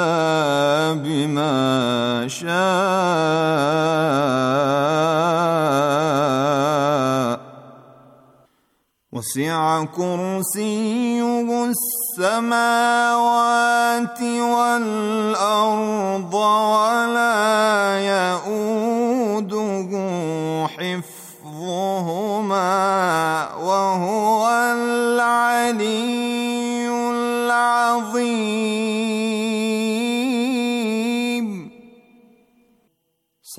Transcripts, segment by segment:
العذاب ما شاء وسع كرسيه السماوات والارض ولا يئوده حفظهما وهو العلي العظيم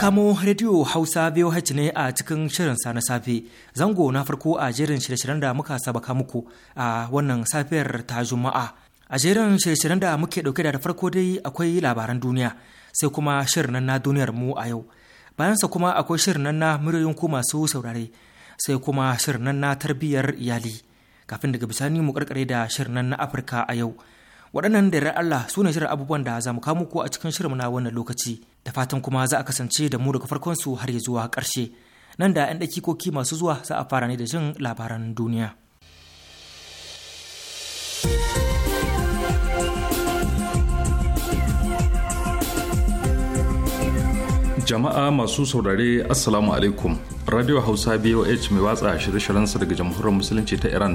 kamo radiyo Hausa VOH ne a cikin shirin sa na safe. Zango na farko a jerin shirye-shiryen da muka sabaka muku a wannan safiyar ta Juma'a. A jerin shirye-shiryen da muke dauke da farko dai akwai labaran duniya, sai kuma shirin na duniyar mu a yau. Bayansa kuma akwai shirin na muryoyin ku masu saurare, sai kuma shirin na tarbiyyar iyali. Kafin daga bisani mu karkare da shirin na Afirka a yau. waɗannan da ran Allah su ne shirin abubuwan da za mu kamo muku a cikin shirin na wannan lokaci da fatan kuma za a kasance da mu daga farkon su har ya zuwa ƙarshe nan da 'yan dakikoki masu zuwa za a fara ne da jin labaran duniya. jama'a masu saurare assalamu alaikum radio hausa boh mai watsa shirye-shiryensa daga jamhuriyar musulunci ta iran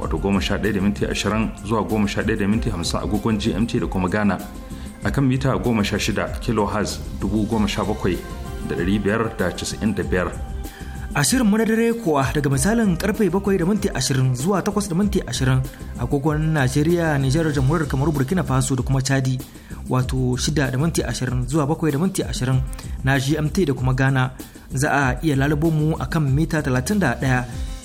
wato 11:20 zuwa 11:50 agogon gmt da kuma ghana a kan mita 16 kilohertz 17,595 ashirin na dare kuwa daga misalin karfe 7 da minti 20 zuwa 8 da minti 20 agogon najeriya nijar jamhuriyar kamaru burkina faso da kuma chadi wato 6 da minti 20 zuwa 7 da minti 20 na gmt da kuma ghana za a iya lalubo mu a kan mita 31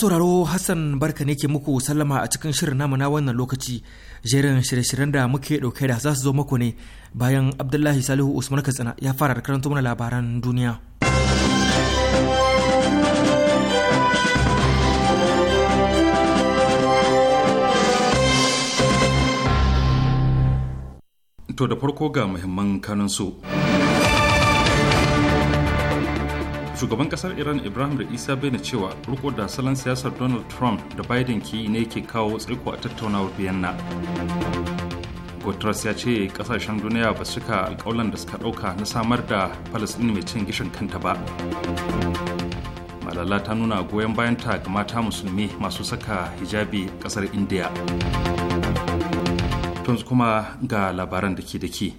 sauraro Hassan barka ne ke muku sallama a cikin shirin namu na wannan lokaci jerin shirye-shiryen da muke dauke da za su zo muku ne bayan Abdullahi Salihu Usman Katsina ya fara da karanto mana labaran duniya. To da farko ga muhimman kanunsu. su. shugaban kasar iran ibrahim da isa bai cewa riko da salon siyasar donald trump da biden ke yi ne ke kawo tsaiko a tattaunawar na. guterres ya ce kasashen duniya ba su cika alkawalan da suka dauka na samar da palestine mai cin gishin kanta ba malala ta nuna goyon bayanta ga mata musulmi masu saka hijabi kasar india tunzu kuma ga labaran da ke da ke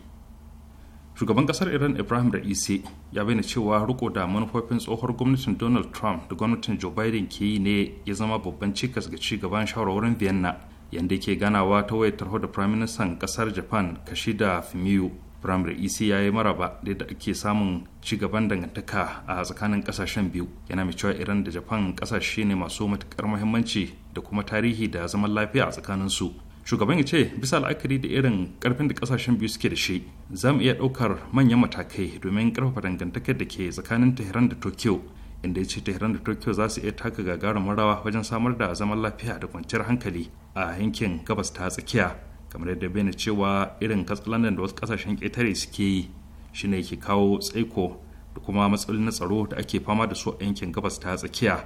shugaban kasar iran ibrahim ra'isi ya bayyana cewa riko da manufofin tsohon gwamnatin donald trump da gwamnatin joe biden ke yi ne ya zama babban cikas ga ci gaban shawarwarin vienna yadda ke ganawa ta wayar tarho da firaministan kasar japan kashida fumiyu Prime Raisi ya yi maraba da yadda ake samun ci gaban dangantaka a tsakanin kasashen biyu yana mai cewa Iran da Japan kasashe ne masu matukar muhimmanci da kuma tarihi da zaman lafiya a tsakanin su shugaban ya ce bisa la'akari da irin karfin da kasashen biyu suke da shi za mu iya ɗaukar manyan matakai domin karfafa dangantakar da ke tsakanin tehran da tokyo inda ya ce tehran da tokyo za su iya taka gagarumin rawa wajen samar da zaman lafiya da kwanciyar hankali a yankin gabas ta tsakiya kamar yadda bayyana cewa irin katsalandan da wasu kasashen ƙetare suke yi shine ke kawo tsaiko da kuma matsalolin na tsaro da ake fama da su a yankin gabas ta tsakiya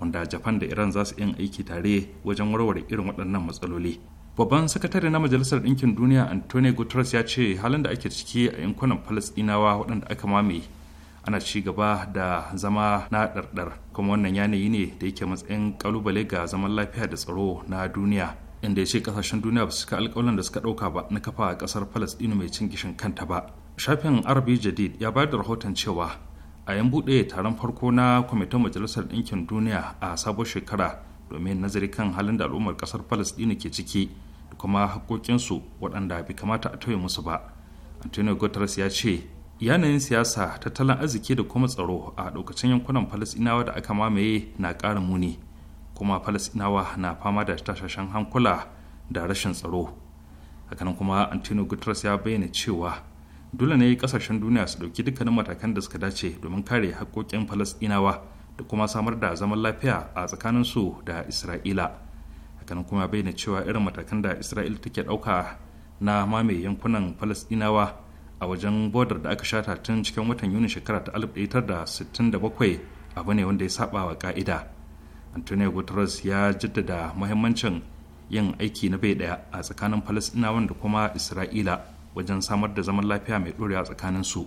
wanda japan da iran za su yin aiki tare wajen warware irin waɗannan matsaloli babban sakatare na majalisar ɗinkin duniya antonio guterres ya ce halin da ake ciki a yankunan falasɗinawa waɗanda aka mame ana ci gaba da zama na ɗarɗar kuma wannan yanayi ne da yake matsayin kalubale ga zaman lafiya da tsaro na duniya inda ya ce kasashen duniya ba su cika alƙawarin da suka ɗauka ba na kafa ƙasar falasɗinu mai cin gishin kanta ba shafin arabi jadid ya bayar da rahoton cewa a yan buɗe taron farko na kwamitin majalisar ɗinkin duniya a sabon shekara domin nazari kan halin da al'ummar ƙasar falasɗinu ke ciki da kuma haƙoƙinsu waɗanda bai kamata a tauye musu ba antonio guterres ya ce yanayin siyasa tattalin arziki da kuma tsaro a lokacin yankunan falasɗinawa da aka mamaye na ƙara muni kuma falasɗinawa na fama da tashashen hankula da rashin tsaro hakanan kuma antonio guterres ya bayyana cewa dole ne kasashen duniya su ɗauki dukkanin matakan da suka dace domin kare hakokin falasɗinawa da kuma samar da zaman lafiya a tsakaninsu da isra'ila hakanan kuma bayyana cewa irin matakan da isra'ila take ɗauka na mamaye yankunan falasɗinawa a wajen bodar da aka shata tun cikin watan yuni shekara ta 1967 abu ne wanda ya saba wa ka'ida antonio guterres ya jaddada mahimmancin yin aiki na bai daya a tsakanin falasɗinawan da kuma isra'ila wajen samar da zaman lafiya mai dorewa tsakanin su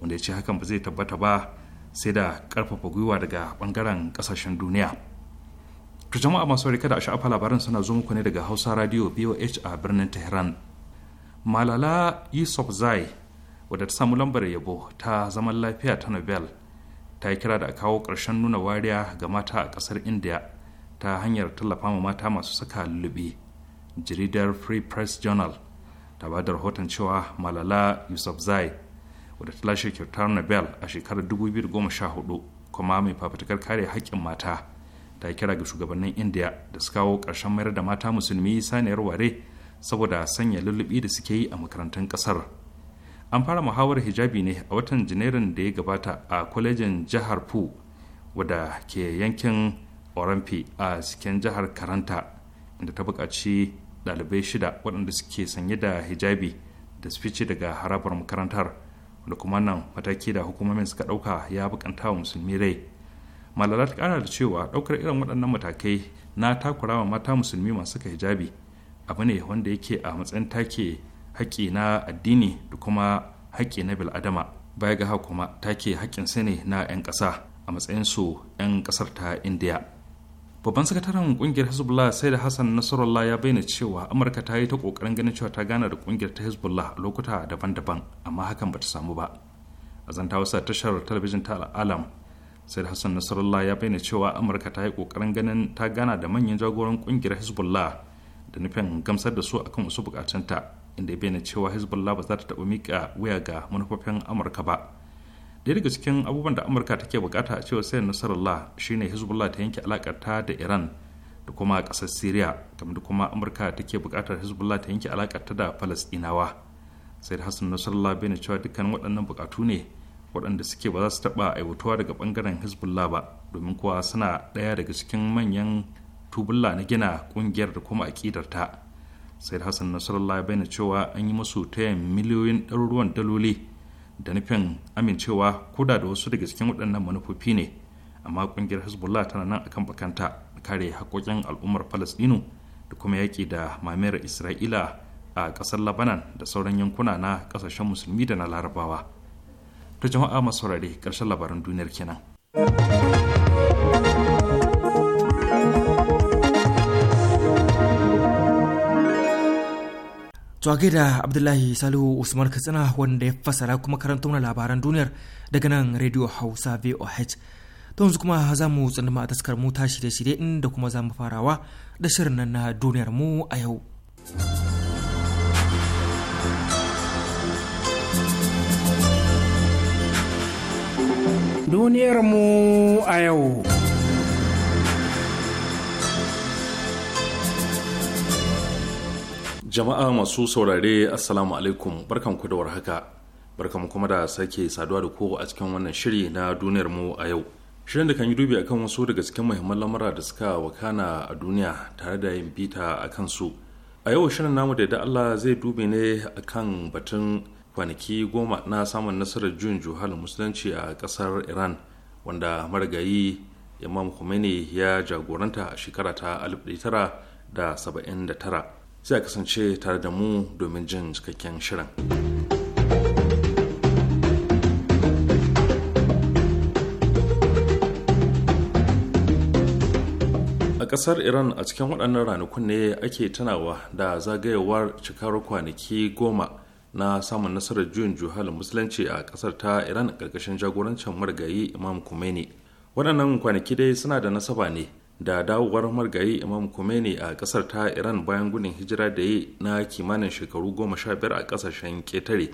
wanda ya ce hakan ba zai tabbata ba sai da karfafa gwiwa daga bangaren ƙasashen duniya To jama'a masu rika da sha'afa labarin suna zo muku ne daga Hausa Radio BOH a birnin Tehran. Malala zai wadda ta samu lambar yabo ta zaman lafiya ta Nobel ta yi kira da a kawo ƙarshen nuna wariya ga mata a ƙasar India ta hanyar tallafa ma mata masu saka lulluɓe. Jaridar Free Press Journal ta ba da rahoton cewa Malala zai wadda ta lashe kyautar Nobel a shekarar 2014 kuma mai fafutukar kare haƙƙin mata. ta kira ga shugabannin indiya da su kawo ƙarshen mayar da mata musulmi saniyar ware saboda sanya lullubi da suke yi a makarantun ƙasar an fara muhawar hijabi ne a watan janairun da ya gabata a kwalejin jihar pu wadda ke yankin oramfe a cikin jihar karanta inda ta buƙaci ɗalibai shida waɗanda suke sanye da hijabi da su fice daga harabar makarantar da kuma nan mataki da hukumomin suka ɗauka ya bukanta wa musulmi rai malala ta kara da cewa daukar irin waɗannan matakai na takurawa mata musulmi masu ka hijabi abu ne wanda yake a matsayin take haƙƙi na addini da kuma haƙƙi na bil'adama baya ga haka kuma take haƙƙin sani na 'yan ƙasa a matsayin su 'yan ƙasar ta indiya babban sakataren kungiyar hezbollah sai da hassan nasarallah ya bayyana cewa amurka ta yi ta ƙoƙarin ganin cewa ta gana da kungiyar ta hezbollah a lokuta daban-daban amma hakan bata samu ba a zantawa tashar talabijin ta al'alam sai hassan nasarallah ya bayyana cewa amurka ta yi kokarin ganin ta gana da manyan jagoran kungiyar hezbollah da nufin gamsar da su akan wasu bukatunta inda ya bayyana cewa hezbollah ba za ta taɓa miƙa wuya ga manufofin amurka ba daya daga cikin abubuwan da amurka take bukata a cewa sayar nasarallah shine hezbollah ta yanke alakarta da iran da kuma ƙasar syria kamar da kuma amurka take bukatar hezbollah ta yanke alakarta da falastinawa sai da hassan nasarallah bayyana cewa dukkan waɗannan bukatu ne waɗanda suke ba za su taɓa aiwatuwa daga ɓangaren hezbollah ba domin kuwa suna ɗaya daga cikin manyan tubulla na gina ƙungiyar da kuma aƙidar ta sai hassan nasarallah ya bayyana cewa an yi musu tayan miliyoyin ɗaruruwan daloli da nufin amincewa koda da wasu daga cikin waɗannan manufofi ne amma ƙungiyar hezbollah tana nan akan bakanta kare haƙoƙin al'ummar falastinu da kuma yaƙi da mamayar isra'ila a ƙasar labanan da sauran yankuna na ƙasashen musulmi da na larabawa da jama'a masu saurare ƙarshen labaran duniyar kenan. Tuwage da Abdullahi Salihu Usman Katsina wanda ya fassara kuma karanta mana labaran duniyar daga nan Radio Hausa VOH. To yanzu kuma za mu tsunduma a taskar mu ta shirye-shirye inda kuma za mu farawa da shirin nan na duniyar mu a yau. duniyarmu a yau. Jama'a masu saurare Assalamu alaikum barkanku da warhaka barkanku kuma da sake saduwa da ku a cikin wannan shiri na duniyarmu a yau. Shirin da kan yi dubi akan wasu daga cikin muhimman lamura da suka wakana a duniya tare da yin bita a kansu. A yau shirin namu da Allah zai dubi ne akan batun kwanaki goma na samun nasarar juyin juhalin musulunci a kasar iran wanda marigayi imam khomeini ya jagoranta a shekara ta 1979 sai a kasance tare da mu domin jin cikakken shirin a kasar iran a cikin waɗannan ranakun ne ake tunawa da zagayewar cikar kwanaki goma na samun nasarar juyin juhalin musulunci a kasar ta iran a ƙarƙashin jagorancin margayi imam kumeni waɗannan kwanaki dai suna da nasaba ne da dawowar margayi imam kumeni a kasar ta iran bayan gudun hijira da yi na kimanin shekaru goma sha biyar a ƙasashen ƙetare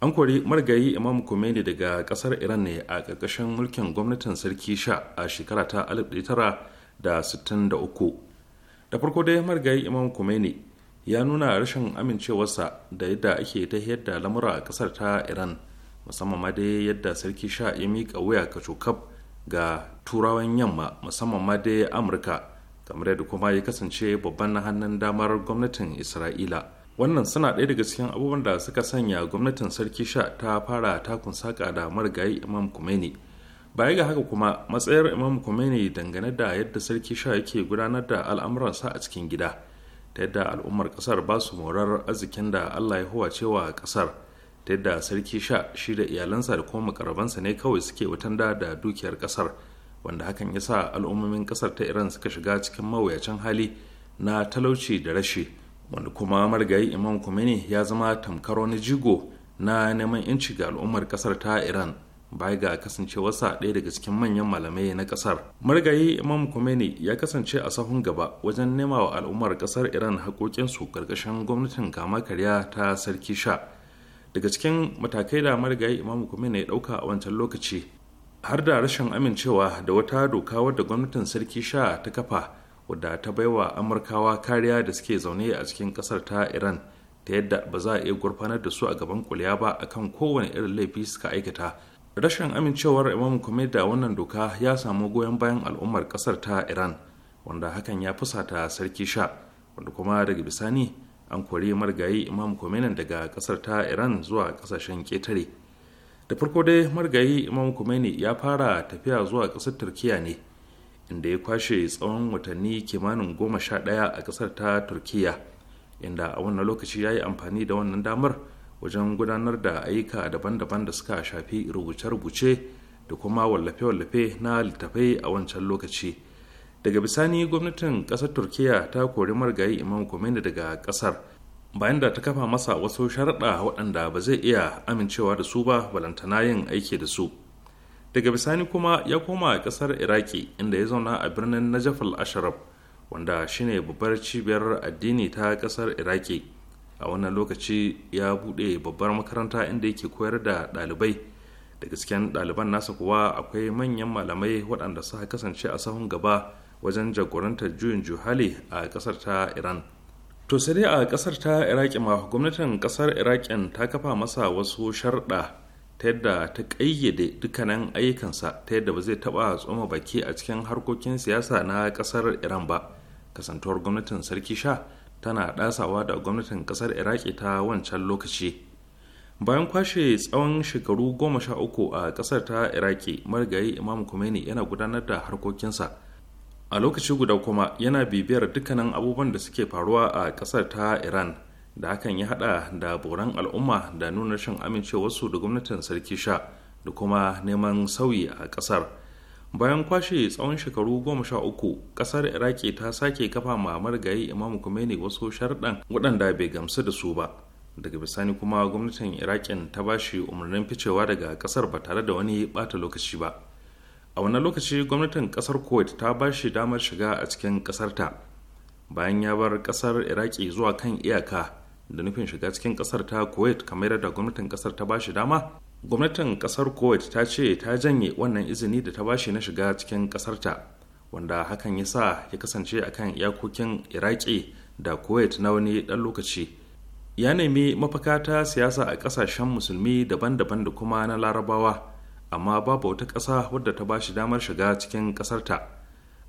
an kori margayi imam kumeni daga kasar iran ne a ƙarƙashin mulkin gwamnatin sarki sha a shekara ta 1963 da farko dai margayi imam kumeni ya nuna rashin amincewarsa da yadda ake ta yadda lamura a kasar ta iran musamman ma dai yadda sarki sha ya mika wuya ka cokab ga turawan yamma musamman ma dai amurka kamar yadda kuma ya kasance babban na hannun damar gwamnatin isra'ila wannan suna ɗaya daga cikin abubuwan da suka sanya gwamnatin sarki sha ta fara takun saƙa da marigayi imam kumeni baya ga haka kuma matsayar imam kumeni dangane da yadda sarki sha yake gudanar da al'amuransa a cikin gida ta yadda al'ummar kasar ba su morar arzikin da allah ya huwa cewa kasar ta yadda sarki sha shi da iyalansa da kuma makarabansa ne kawai suke wutanda da dukiyar kasar wanda hakan ya sa al'ummomin kasar ta iran suka shiga cikin mawuyacin hali na talauci da rashi wanda kuma marigayi imam kumeni ya zama tamkar wani jigo na neman 'yanci ga al'ummar kasar ta iran baya ga kasancewarsa ɗaya daga cikin manyan malamai na ƙasar marigayi imam khomeini ya kasance a sahun gaba wajen nema wa al'ummar ƙasar iran haƙoƙinsu ƙarƙashin gwamnatin kama karya ta sarki sha daga cikin matakai da marigayi imam khomeini ya ɗauka a wancan lokaci har da rashin amincewa da wata doka wadda gwamnatin sarki sha ta kafa wadda ta baiwa amurkawa kariya da suke zaune a cikin kasar ta iran ta yadda ba za a iya gurfanar da su a gaban kuliya ba akan kowane irin laifi suka aikata rashin amincewar imam kwame da wannan doka ya samu goyon bayan al'ummar kasar ta iran wanda hakan ya fusata sarki sha wanda kuma daga bisani an kori margayi imam nan daga kasar ta iran zuwa kasashen ketare da farko dai margayi imam ne ya fara tafiya zuwa kasar turkiya ne inda ya kwashe tsawon watanni kimanin goma sha ɗaya a kasar ta turkiya inda a wannan lokaci ya yi amfani da wannan damar wajen gudanar da ayyuka daban-daban da suka shafi rubuce-rubuce da kuma wallafe-wallafe na littafai a wancan lokaci daga bisani gwamnatin ƙasar turkiya ta kori margayi imam Khomeini daga ƙasar bayan da ta kafa masa wasu sharaɗa waɗanda ba zai iya amincewa da su ba balantana yin aiki da su daga bisani kuma ya koma ƙasar iraki inda ya zauna a birnin najaf al-asharaf wanda shine babbar cibiyar addini ta ƙasar iraki a wannan lokaci ya buɗe babbar makaranta inda yake koyar da ɗalibai da gasken ɗaliban nasa kuwa akwai manyan malamai waɗanda suka kasance a sahun gaba wajen jagorantar juyin juhali a ƙasar ta iran to sai dai a ƙasar ta iraki ma gwamnatin ƙasar iraki ta kafa masa wasu sharɗa ta yadda ta ƙayyade dukkanin ayyukansa ta yadda ba zai taɓa tsoma baki a cikin harkokin siyasa na ƙasar iran ba kasantuwar gwamnatin sarki sha tana ɗasawa da gwamnatin ƙasar iraki ta wancan lokaci bayan kwashe tsawon shekaru goma sha uku a ƙasar ta iraki marigayi imam khomeini yana gudanar da harkokinsa a lokaci guda kuma yana bibiyar dukkanin abubuwan da suke faruwa a ƙasar ta iran da hakan ya hada da boran al'umma da nuna rashin amincewarsu da gwamnatin sarki sha da kuma neman sauyi a ƙasar bayan kwashe tsawon shekaru goma sha uku kasar iraki ta sake kafa ma marigayi imamu kumeni wasu sharɗan waɗanda bai gamsu da su ba daga bisani kuma gwamnatin irakin ta ba shi umarnin ficewa daga kasar ba tare da wani bata lokaci ba a wannan lokaci gwamnatin kasar kuwait ta ba shi damar shiga a cikin kasarta bayan ya bar kasar iraki zuwa kan iyaka da nufin shiga cikin kasar ta kuwait kamar yadda gwamnatin kasar ta ba shi dama gwamnatin kasar kuwait ta ce ta janye wannan izini da ta bashi na shiga cikin kasarta wanda hakan ya sa ya kasance akan iyakokin iraki da kuwait na wani dan lokaci ya nemi mafaka ta siyasa a kasashen musulmi daban-daban da kuma na larabawa amma babu wata ƙasa wadda ta bashi damar shiga cikin ƙasarta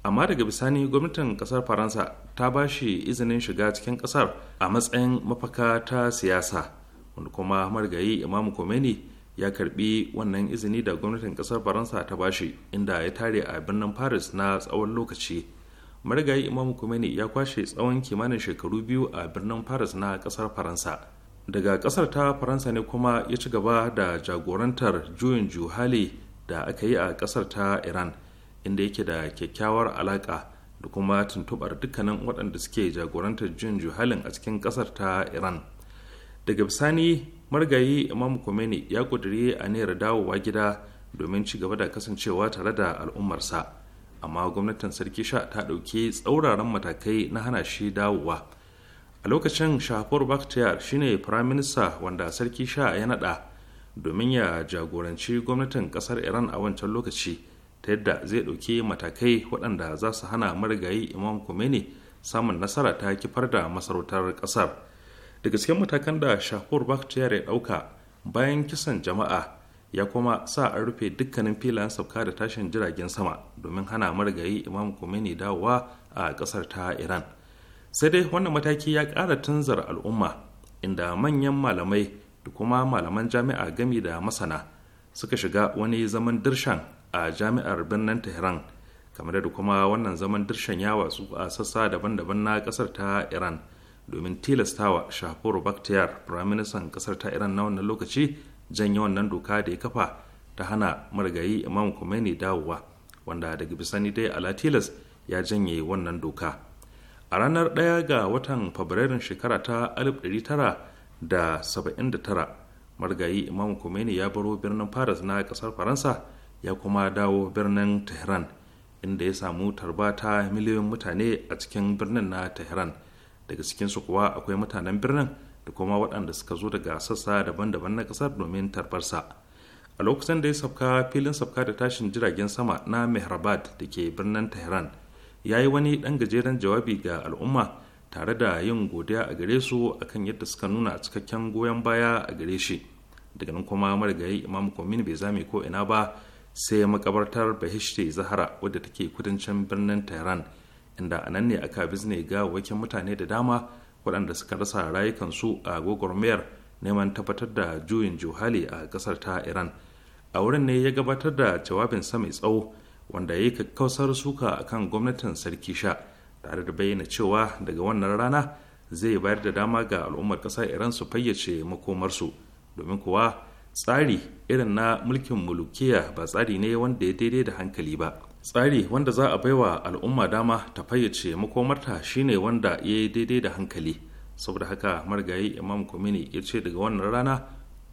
amma daga bisani gwamnatin ƙasar faransa ta bashi izinin shiga cikin ƙasar a matsayin mafaka ta siyasa wanda kuma marigayi imamu ne. ya karbi wannan izini da gwamnatin kasar faransa ta bashi inda ya tare a birnin paris na tsawon lokaci marigayi imam kumeni ya kwashe tsawon kimanin shekaru biyu a birnin paris na kasar faransa daga kasar ta faransa ne kuma ya ci gaba da jagorantar juyin juhali da aka yi a kasar ta iran inda yake da kyakkyawar alaka da kuma tuntubar dukkanin waɗanda suke jagorantar juyin juhalin a cikin kasar ta iran daga bisani margayi imam khomeini ya ƙudiri aniyar dawowa gida domin ci gaba da kasancewa tare da al'ummarsa amma gwamnatin sarki sha ta ɗauki tsauraran matakai na hana shi dawowa a lokacin shahapur bakhtiyar shine prime minister wanda sarki sha ya naɗa domin ya jagoranci gwamnatin ƙasar iran a wancan lokaci ta yadda zai ɗauki matakai waɗanda za su hana marigayi imam khomeini samun nasara ta kifar da masarautar ƙasar daga cikin matakan da shakur bakhtiyar ya ɗauka bayan kisan jama'a ya kuma sa an rufe dukkanin filayen sauka da tashin jiragen sama domin hana marigayi imam kumeni dawowa a ƙasar ta iran sai dai wannan mataki ya ƙara tunzar al'umma inda manyan malamai da kuma malaman jami'a gami da masana suka shiga wani zaman dirshan a jami'ar birnin tehran kamar da kuma wannan zaman dirshan ya watsu a sassa daban-daban na ƙasar ta iran domin tilastawa shahapuru bakhtiyar firaministan kasar ta iran na wannan lokaci janye nan doka da ya kafa ta hana marigayi imam khomeini dawowa wanda daga bisani dai ala tilas ya janye wannan doka a ranar ɗaya ga watan fabrairun shekara ta 1979 marigayi imam khomeini ya baro birnin paris na kasar faransa ya kuma dawo birnin tehran inda ya samu tarbata ta miliyoyin mutane a cikin birnin na tehran daga cikinsu kuwa akwai mutanen birnin da kuma waɗanda suka zo daga sassa daban-daban na ƙasar domin tarbarsa a lokacin da ya sauka filin sauka da tashin jiragen sama na mehrabad da ke birnin tehran ya yi wani ɗan gajeren jawabi ga al'umma tare da yin godiya a gare su akan yadda suka nuna cikakken goyon baya a gare shi daga nan kuma marigayi imam komin bai zame ko ina ba sai makabartar bahishte zahara wadda take kudancin birnin tehran inda a nan ne aka bizne ga wakin mutane da dama waɗanda suka rasa rayukansu a gwagwarmayar neman tabbatar da juyin juhali a ƙasar ta iran a wurin ne ya gabatar da jawabinsa mai tsawo wanda ya yi kakkausar suka a kan gwamnatin sarki sha tare da bayyana cewa daga wannan rana zai bayar da dama ga al'ummar ƙasar iran su fayyace makomarsu domin kuwa tsari irin na mulkin mulukiya ba tsari ne wanda ya daidai da hankali ba tsari wanda za a baiwa al'umma dama ta fayyace makomarta shine wanda ya yi daidai da hankali saboda haka marigayi imam kumini ya ce daga wannan rana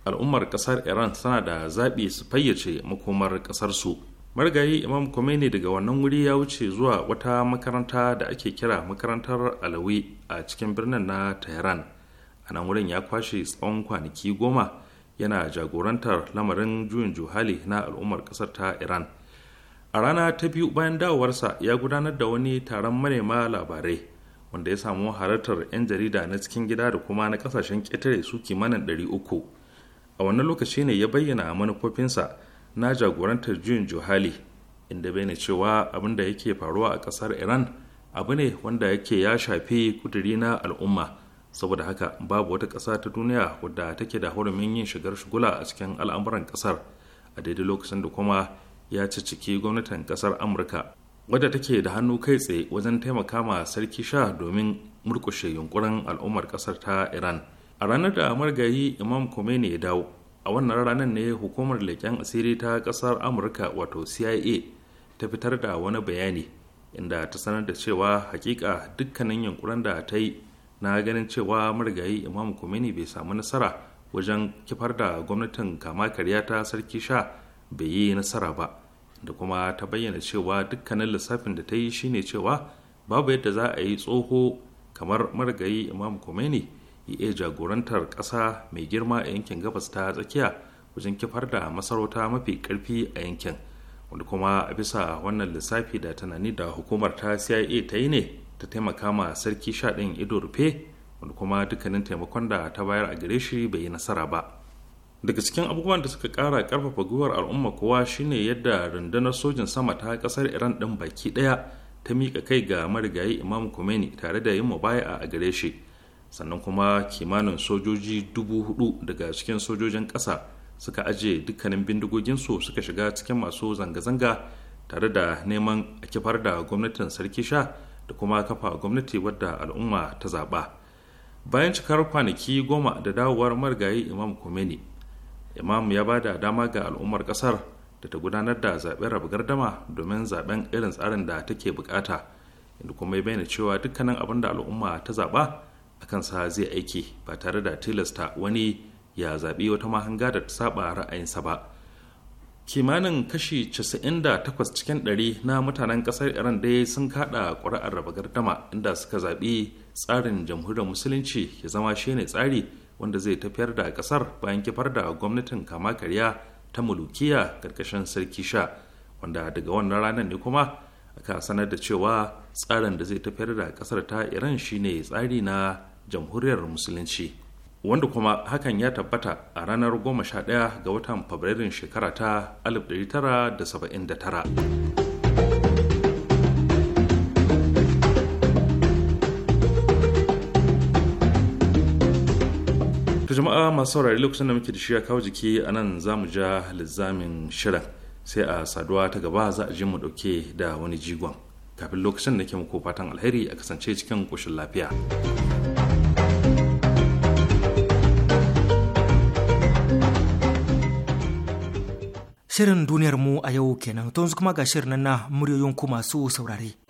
al'ummar kasar iran suna da zaɓi su fayyace makomar ƙasarsu marigayi imam kumini daga wannan wuri ya wuce zuwa wata makaranta da ake kira makarantar alawi a cikin birnin na tehran a nan wurin ya kwashe tsawon kwanaki goma yana jagorantar lamarin juyin juhali na al'ummar kasar ta iran a rana ta biyu bayan dawowarsa ya gudanar da wani taron manema labarai wanda ya samu halartar 'yan jarida na cikin gida da kuma na kasashen ƙetare su kimanin 300 a wannan lokaci ne ya bayyana manufofinsa na jagorantar juyin juhali inda bai cewa abin da yake faruwa a ƙasar iran abu ne wanda yake ya shafi kuduri na al'umma saboda haka babu wata ƙasa ta duniya wadda take da hurumin yin shigar shugula a cikin al'amuran ƙasar a daidai lokacin da kuma ya ciciki gwamnatin kasar amurka wadda take da hannu kai tsaye wajen taimaka ma sarki sha domin murkushe yunkurin al'ummar kasar ta iran a ranar da margayi imam khomeini ya dawo a wannan ranar ne hukumar leƙen asiri ta kasar amurka wato cia ta fitar da wani bayani inda ta sanar da cewa hakika dukkanin yunkurin da ta yi na ganin cewa marigayi imam khomeini bai samu nasara wajen kifar da gwamnatin kama karya ta sarki sha bai yi nasara ba da kuma ta bayyana cewa dukkanin lissafin da ta yi shine cewa babu yadda za a yi tsoho kamar marigayi imam khomeini ya iya jagorantar ƙasa mai girma a yankin gabas ta tsakiya wajen kifar da masarauta mafi karfi a yankin wanda kuma a bisa wannan lissafi da tunani da hukumar ta cia ta yi ne ta taimaka ma sarki shaɗin ido rufe wanda kuma dukkanin taimakon da ta bayar a gare shi bai yi nasara ba daga cikin abubuwan da suka kara karfafa gwiwar al'umma kowa shine yadda rundunar sojin sama ta kasar iran din baki daya ta mika kai ga marigayi imam khomeini tare da yin mubaya a gare shi sannan kuma kimanin sojoji dubu hudu daga cikin sojojin ƙasa suka aje dukkanin bindigoginsu suka shiga cikin masu zanga-zanga tare da neman a kifar da gwamnatin sarki sha da kuma kafa gwamnati wadda al'umma ta zaɓa bayan cikar kwanaki goma da dawowar marigayi imam khomeini imam ya ba da dama ga al'ummar kasar da ta gudanar da zaben raba gardama domin zaben irin tsarin da take bukata inda kuma ya bayyana cewa dukkanin abin da al'umma ta zaba a sa zai aiki ba tare da tilasta wani ya zaɓi wata mahanga da ta saba ra'ayinsa ba kimanin kashi 98 cikin 100 na mutanen kasar iran dai sun kada ƙuri'ar raba gardama inda suka zaɓi tsarin jamhuriyar musulunci ya zama shine tsari wanda zai tafiyar da kasar bayan kifar da gwamnatin kama karya ta mulukiya karkashin sarki sha wanda daga wannan ranar ne kuma aka sanar da cewa tsarin da zai tafiyar da kasar ta iran shine tsari na jamhuriyar musulunci wanda kuma hakan ya tabbata a ranar 11 ga watan fabrairun shekara ta 1979 jama'a masu saurari lokacin da muke da shi ya kawo jiki a nan za mu ja lizamin shirin sai a saduwa ta gaba za a je mu dauke da wani jigon kafin lokacin da ke muku fatan alheri a kasance cikin koshin lafiya. Shirin duniyar mu a yau kenan, tun kuma ga shirin na muryoyin ku masu saurare.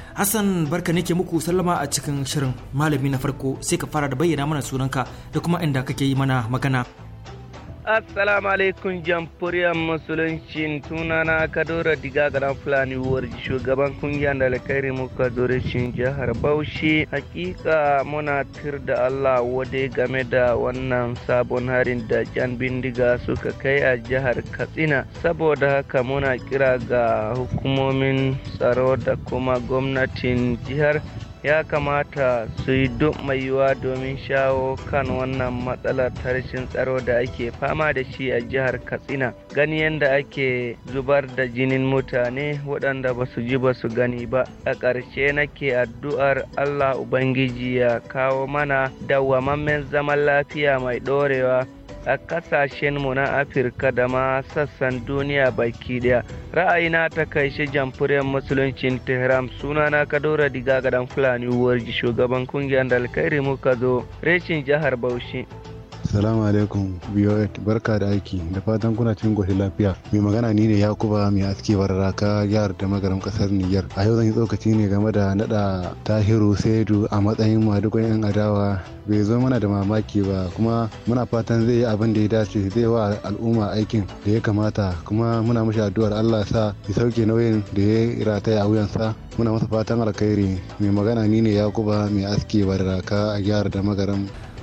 Hassan barka nake muku sallama a cikin shirin malami na farko sai ka fara da bayyana mana sunanka da kuma inda kake yi mana magana. assalamu alaikum jamhuriyar Musulunci tunana kadora diga garan fulani warji shugaban kungiyar da alkhairi muka zurishin jihar bauchi hakika muna tir da allah wade game da wannan sabon harin da jan bindiga suka kai a jihar katsina saboda haka muna kira ga hukumomin tsaro da kuma gwamnatin jihar ya kamata su yi duk mai yiwuwa domin shawo kan wannan matsalar tarshen tsaro da ake fama da shi a jihar katsina gani yadda ake zubar da jinin mutane waɗanda ba su ji ba su gani ba a ƙarshe nake addu'ar allah ubangiji ya kawo mana dawwamammen zaman lafiya mai ɗorewa a mu na afirka da ma sassan duniya baki daya ra'ayina ta kai shi jamhuriyar musuluncin tehran sunana kadora diga gadan fulani uwar shugaban kungiyar da alkhairi muka zo reshin jihar bauchi Salamu alaikum Biyoet barka da aiki da fatan kuna cikin goshin lafiya. Mai magana ni ne Yakuba mai aske bararaka jihar da magaram kasar Niger. A yau zan yi tsokaci ne game da nada Tahiru Saidu a matsayin madugon yan adawa bai zo mana da mamaki ba kuma muna fatan zai yi abin da ya dace zai wa al'umma aikin da ya kamata kuma muna mashi addu'ar Allah sa ya sauke nauyin da ya rataya a wuyansa muna masa fatan alkhairi mai magana ni ne Yakuba mai aske bararaka a jihar da magaram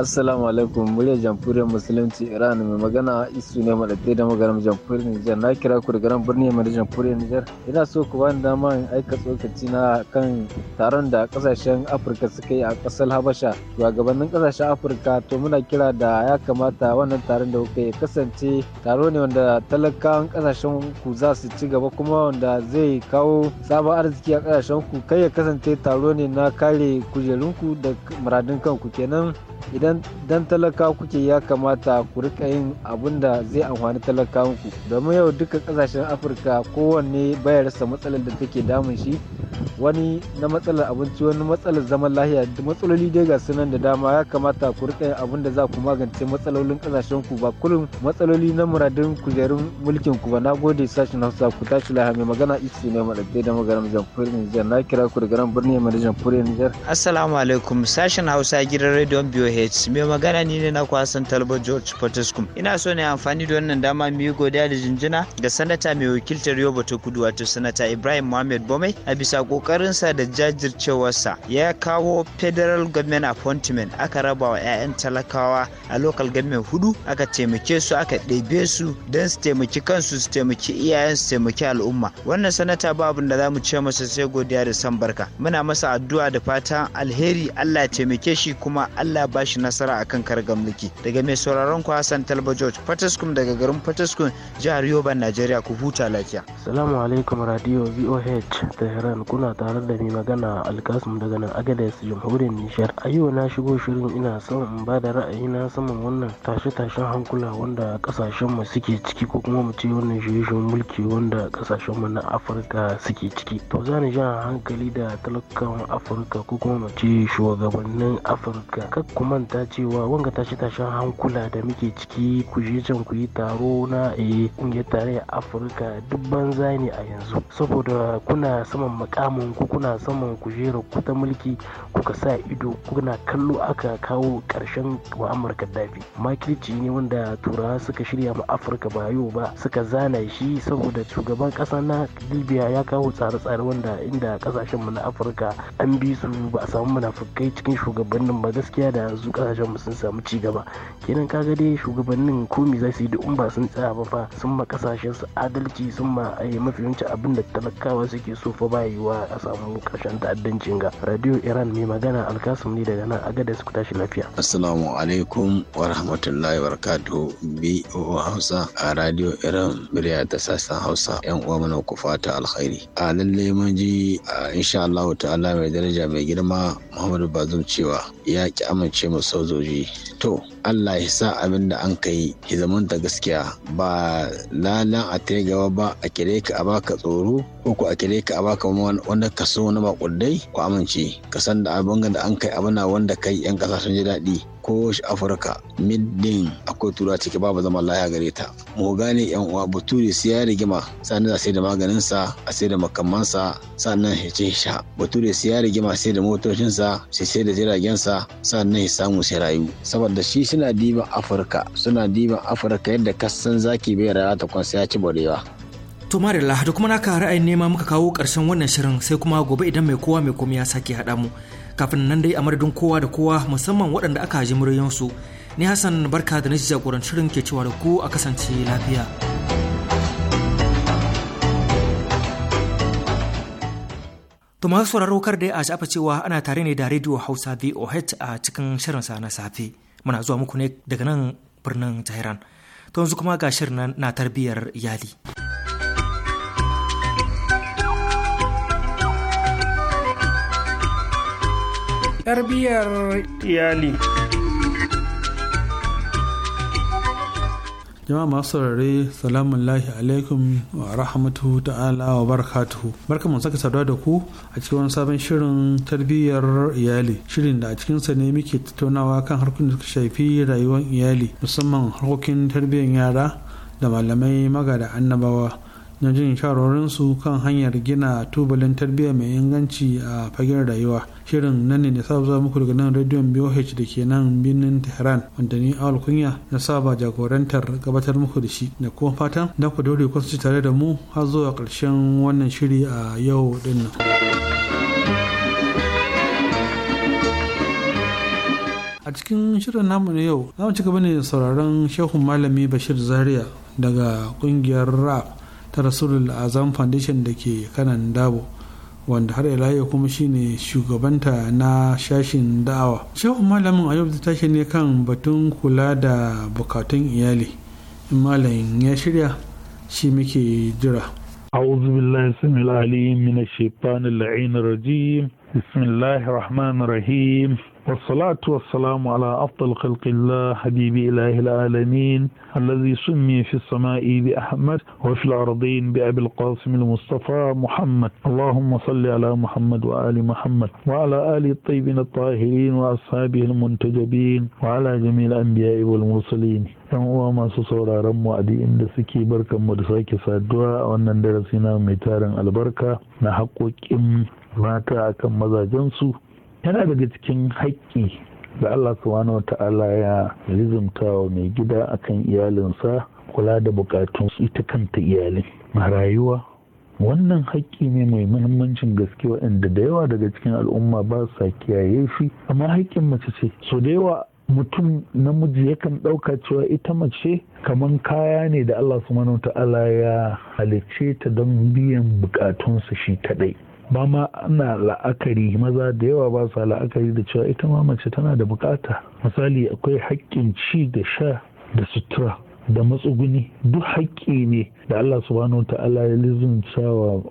assalamu alaikum muryar jamhuriyar musulunci iran mai magana isu ne madadai da magaram jamhuriyar nijar na kira ku daga nan birni mai jamhuriyar nijar ina so ku bani dama in aika tsokaci na kan taron da kasashen afirka suka yi a kasar habasha shugabannin kasashen afirka to muna kira da ya kamata wannan taron da kuka yi kasance taro ne wanda talakawan kasashen ku za su ci gaba kuma wanda zai kawo sabon arziki a kasashen ku kai ya kasance taro ne na kare kujerunku da muradin kanku kenan idan dan talaka kuke ya kamata ku rika yin abun da zai amfani talakawanku domin yau duka kasashen afirka kowanne bayarsa matsalar da take damun shi wani na matsalar abinci wani matsalar zaman lahiya da matsaloli dai ga sunan da dama ya kamata ku rika abin da za ku magance matsalolin kasashen ku ba kullum matsaloli na muradin kujerun mulkin ku ba na gode sashen hausa ku tashi lahiya mai magana isi mai madadai da magaram jamhuriyar niger na kira ku daga nan birni mai jamhuriyar niger. assalamu alaikum sashen hausa gidan rediyon BOH mai magana ni ne na kwasan talba george potiskum ina so ne amfani da wannan dama mu yi godiya da jinjina ga sanata mai wakiltar yobe ta kudu wato sanata ibrahim mohammed bomai a bisa ƙoƙarinsa da jajircewarsa ya kawo federal government appointment aka raba wa 'ya'yan talakawa a local government hudu aka taimake su aka ɗebe su don su taimaki kansu su taimaki iyayen su taimaki al'umma wannan sanata ba abin da za mu ce masa sai godiya da san barka muna masa addu'a da fatan alheri allah taimake shi kuma allah ba shi nasara akan kargan mulki daga mai sauraron ku hassan talba george fataskum daga garin fataskum jihar yoban najeriya ku huta lafiya salamu alaikum radio voh tehran kun kuna tare da mai magana alkasum daga nan agadez jamhuriyar nishar a yau na shigo shirin ina son in ba da ra'ayi na saman wannan tashe-tashen hankula wanda kasashen mu suke ciki ko kuma mu ce wannan shirye mulki wanda kasashen mu na afirka suke ciki to za ni jan hankali da talakan afirka ko kuma mu ce shugabannin afirka kar ku manta cewa wanga tashe-tashen hankula da muke ciki ku je can ku yi taro na eh, ƙungiyar tarayyar afirka duk banza ne a yanzu saboda kuna saman maka samun ku kuna saman kujerar ku ta mulki kuka sa ido kuna kallo aka kawo ƙarshen mu'ammar gaddafi makirci ne wanda turawa suka shirya ma afirka ba yau ba suka zana shi saboda shugaban kasa na libya ya kawo tsare-tsare wanda inda kasashen mu na afirka an bi su ba a samu munafukai cikin shugabannin ba gaskiya da yanzu mu sun samu ci gaba kenan kaga dai shugabannin komi za su yi in ba sun tsaya ba fa sun ma kasashen su adalci sun ma eh, mafi yawanci abin da talakawa suke so fa ba kuma a samu karshen ta'addancin ga radio iran mai magana alkasum ne daga nan agadez ku tashi lafiya assalamu alaikum wa rahmatullahi wa barakatuhu bo hausa a radio iran murya ta sassan hausa yan uwa mana ku fata alkhairi a lalle mun ji insha Allah ta'ala mai daraja mai girma muhammadu bazum cewa ya ki amince mu sojoji to Allah ya sa abin da an kai ya zamanta gaskiya ba lalan a ta gaba ba a kire ka a baka tsoro ko ku a kire ka a baka wanda ka so na ku amince ka san da abin da an kai abana wanda kai yan kasa sun ji daɗi ko afirka middin akwai tura ciki babu zaman laya gare ta mu gane yan uwa bature sai ya rigima sannan sai da maganin sa a sai da makamansa sannan ya ce sha bature sai ya rigima sai da motocinsa sai sai da jiragen sa sannan ya samu sai rayu saboda shi suna diban afirka suna diban afirka yadda kasan zaki bai rayuwa ta kwansa ya ci barewa To Marilla da kuma naka ra'ayin nema muka kawo karshen wannan shirin sai kuma gobe idan mai kowa mai komai ya sake haɗa mu. kafin nan dai a madadin kowa da kowa musamman waɗanda aka ji muryansu ni hassan barka da na jagorancin ke cewa da ku a kasance lafiya to masu sauraro kar dai a shafa cewa ana tare ne da rediyo hausa voh a cikin shirin sa na safe muna zuwa muku ne daga nan birnin tehran to yanzu kuma ga shirin na tarbiyyar iyali tarbiyyar iyali jama'a masu saurare salamun lahi alaikum wa rahmatu ta'ala wa barakatuhu barka mu saka saduwa da ku a cikin wani sabon shirin tarbiyyar iyali shirin da a cikinsa ne muke tattaunawa kan harkokin da suka shafi rayuwar iyali musamman harkokin tarbiyyar yara da malamai magada annabawa na jin shawarorinsu kan hanyar gina tubalin tarbiyya mai inganci a fagen rayuwa shirin nan ne na saba muku daga nan rediyon boh da ke nan birnin tehran wanda ni awal kunya na saba jagorantar gabatar muku da shi da kuma fatan da ku daure ci tare da mu har zuwa ƙarshen wannan shiri a yau dinnan. a cikin shirin namu na yau za mu ci gaba ne sauraron shehun malami bashir zaria daga kungiyar rap ta rasulul azam foundation da ke kanan dabo wanda har ilayo kuma shine shugabanta na shashin da'awa shehu malamin ayub da tashi ne kan batun kula da bukatun iyali malamin ya shirya shi muke jira أعوذ بالله السميع العليم من الشيطان اللعين الرجيم بسم الله الرحمن الرحيم والصلاة والسلام على أفضل خلق الله حبيب إله العالمين الذي سمي في السماء بأحمد وفي الأرضين بأبي القاسم المصطفى محمد اللهم صل على محمد وآل محمد وعلى آل الطيبين الطاهرين وأصحابه المنتجبين وعلى جميع الأنبياء والمرسلين yan uwa masu sauraron mu a inda suke barkan mu da sake saduwa a wannan darasi na mai tarin albarka na haƙoƙin mata akan mazajensu yana daga cikin haƙƙi da Allah subhanahu ta'ala ya rizumta wa mai gida akan iyalinsa kula da bukatun ita kanta iyalin rayuwa wannan haƙƙi ne mai muhimmancin gaske waɗanda da yawa daga cikin al'umma ba sa kiyaye shi amma haƙƙin mace ce so da yawa mutum namiji yakan ɗauka cewa ita mace kamar kaya ne da Allah subhanahu ta'ala ya halicce ta don biyan bukatunsa shi kaɗai ba ma ana la'akari maza da yawa ba sa la'akari da cewa ita ma mace tana da bukata misali akwai haƙƙin ci da sha da sutura da matsuguni duk haƙƙi ne da Allah subhanahu wa ta'ala ya lizuncawa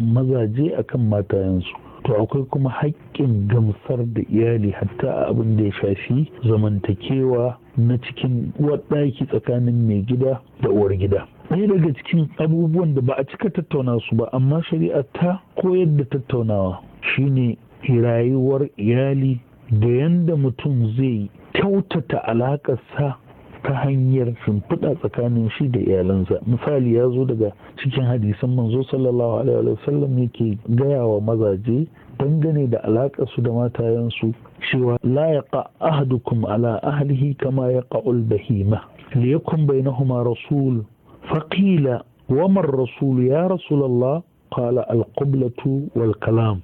mazaje akan matayensu to akwai kuma haƙƙin gamsar da iyali hatta abin da ya shafi zamantakewa na cikin uwarɗaki tsakanin mai gida da uwar gida ɗaya daga cikin abubuwan da ba a cika tattauna su ba amma shari'a ta koyar da tattaunawa shine rayuwar iyali da yadda mutum zai kyautata alaƙarsa ta hanyar shimfiɗa tsakanin shi da iyalansa misali ya zo daga cikin hadisan manzo sallallahu alaihi wa sallam" yake gaya wa mazaje dangane da alaƙar su da matayensu cewa la yaqa ahadukum ala ahlihi kama yaqa'ul bahima liyakun bainahuma rasul فقيل وما الرسول يا رسول الله قال القبلة والكلام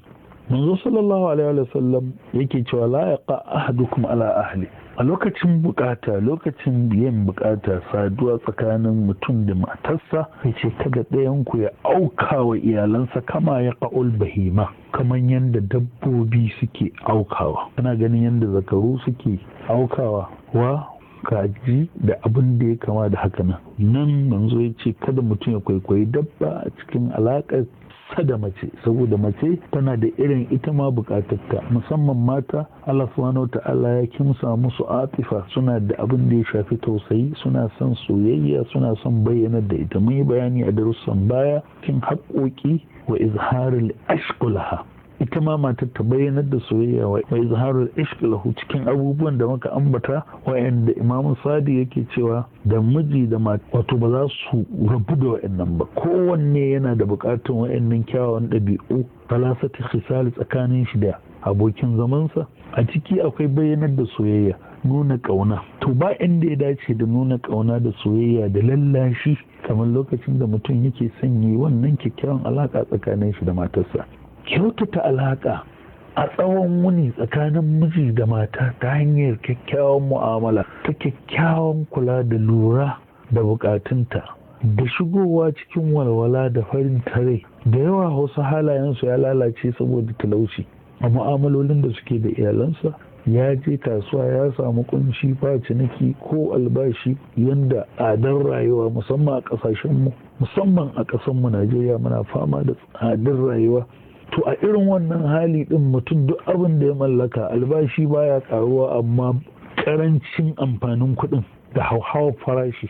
من sallallahu الله wa sallam yake cewa la يقع أحدكم على أهلي a lokacin bukata lokacin biyan bukata saduwa tsakanin mutum da matarsa ce kada ɗayan ku ya auka wa iyalansa kama ya qa'ul bahima kamar yadda dabbobi suke aukawa kana ganin yadda zakaru suke aukawa wa kaji da abin da ya kama da haka nan nan manzo ya ce kada mutum ya kwaikwayi dabba a cikin alaƙar da mace saboda mace tana da irin ita ma bukatarta musamman mata Allah subhanahu allah ya kimsa musu atifa suna da abin da ya shafi tausayi suna son soyayya suna son bayyana da ita mun yi bayani a darussan baya kin haƙoƙi wa izharil ashqulaha ita ma matar ta bayyanar da soyayya wa mai zaharar ishkilahu cikin abubuwan da muka ambata wa'anda imamu sadi yake cewa da miji da mata wato ba za su rabu da wa'annan ba kowanne yana da bukatun wa'annan kyawawan ɗabi'u falasati khisali tsakanin shi da abokin zamansa a ciki akwai bayyanar da soyayya nuna ƙauna to ba inda ya dace da nuna kauna da soyayya da lallashi kamar lokacin da mutum yake sanye wannan kyakkyawan alaƙa tsakanin shi da matarsa kyautata alaƙa a tsawon wuni tsakanin miji da mata ta hanyar kyakkyawan mu'amala ta kyakkyawan kula da lura da bukatunta da shigowa cikin walwala da farin tare da yawa wasu halayensu ya lalace saboda talauci a mu'amalolin da suke da iyalansa ya je kasuwa ya samu kunshi ba ciniki ko albashi yanda tsadar rayuwa musamman a kasashenmu musamman a ƙasanmu najeriya muna fama da tsadar rayuwa to a irin wannan hali din mutum duk abin da ya mallaka albashi baya karuwa amma karancin amfanin kuɗin da hauhawar farashi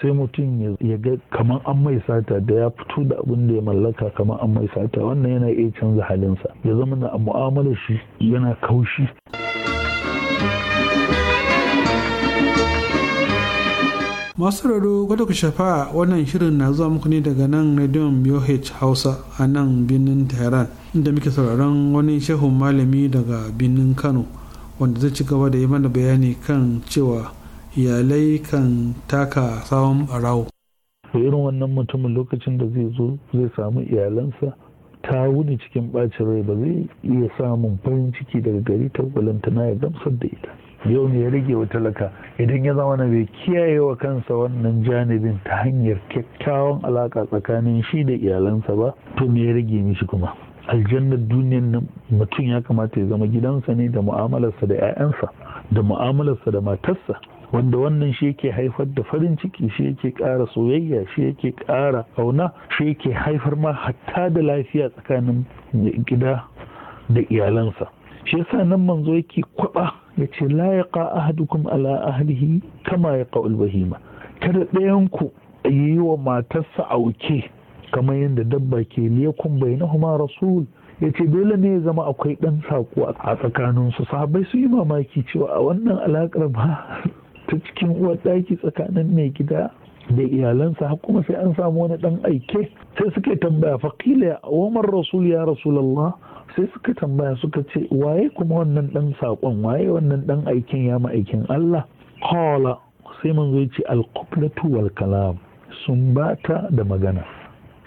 sai mutum ya ga kamar an mai sata da ya fito da abin da ya mallaka kamar an mai sata wannan yana iya canza halinsa ya zama na mu'amalar shi yana kaushi. masu raro kada ku shafa wannan shirin na zuwa muku ne daga nan rediyon BOH Hausa a nan birnin Tehran inda muke sauraron wani shehun malami daga birnin Kano wanda zai ci gaba da yi mana bayani kan cewa iyalai kan taka sawan barawo. irin wannan mutumin lokacin da zai zo zai samu iyalansa ta wuni cikin bacin rai ba zai iya samun farin ciki daga gari ta na ya gamsar da ita yau ne ya rage wa talaka idan ya zama bai kiyaye wa kansa wannan janibin ta hanyar kyakkyawan alaka tsakanin shi da iyalansa ba to me ya rage mishi kuma aljannar duniyar nan mutum ya kamata ya zama gidansa ne da mu'amalarsa da 'ya'yansa da mu'amalarsa da matarsa wanda wannan shi yake haifar da farin ciki shi yake ƙara soyayya shi yake ƙara ƙauna shi yake haifar ma hatta da lafiya tsakanin gida da iyalansa shi yasa nan manzo yake kwaba ya ce la ya ahadukum ala ahlihi kama ya ƙa'ul bahima kada ɗayanku yi wa matarsa auke kamar yadda dabba ke liyakun bai na rasul ya ce dole ne ya zama akwai ɗan saƙo a tsakaninsu sahabai suyi yi mamaki cewa a wannan alaƙar ba ta cikin uwar ɗaki tsakanin mai gida da iyalansa har kuma sai an samu wani ɗan aike sai suka tambaya faƙila ya awamar rasul ya rasulallah sai suka tambaya suka ce waye kuma wannan dan sakon waye wannan dan aikin ya ma'aikin Allah Kola sai manzo yace ce al-qiblatu wal kalam sumbata da magana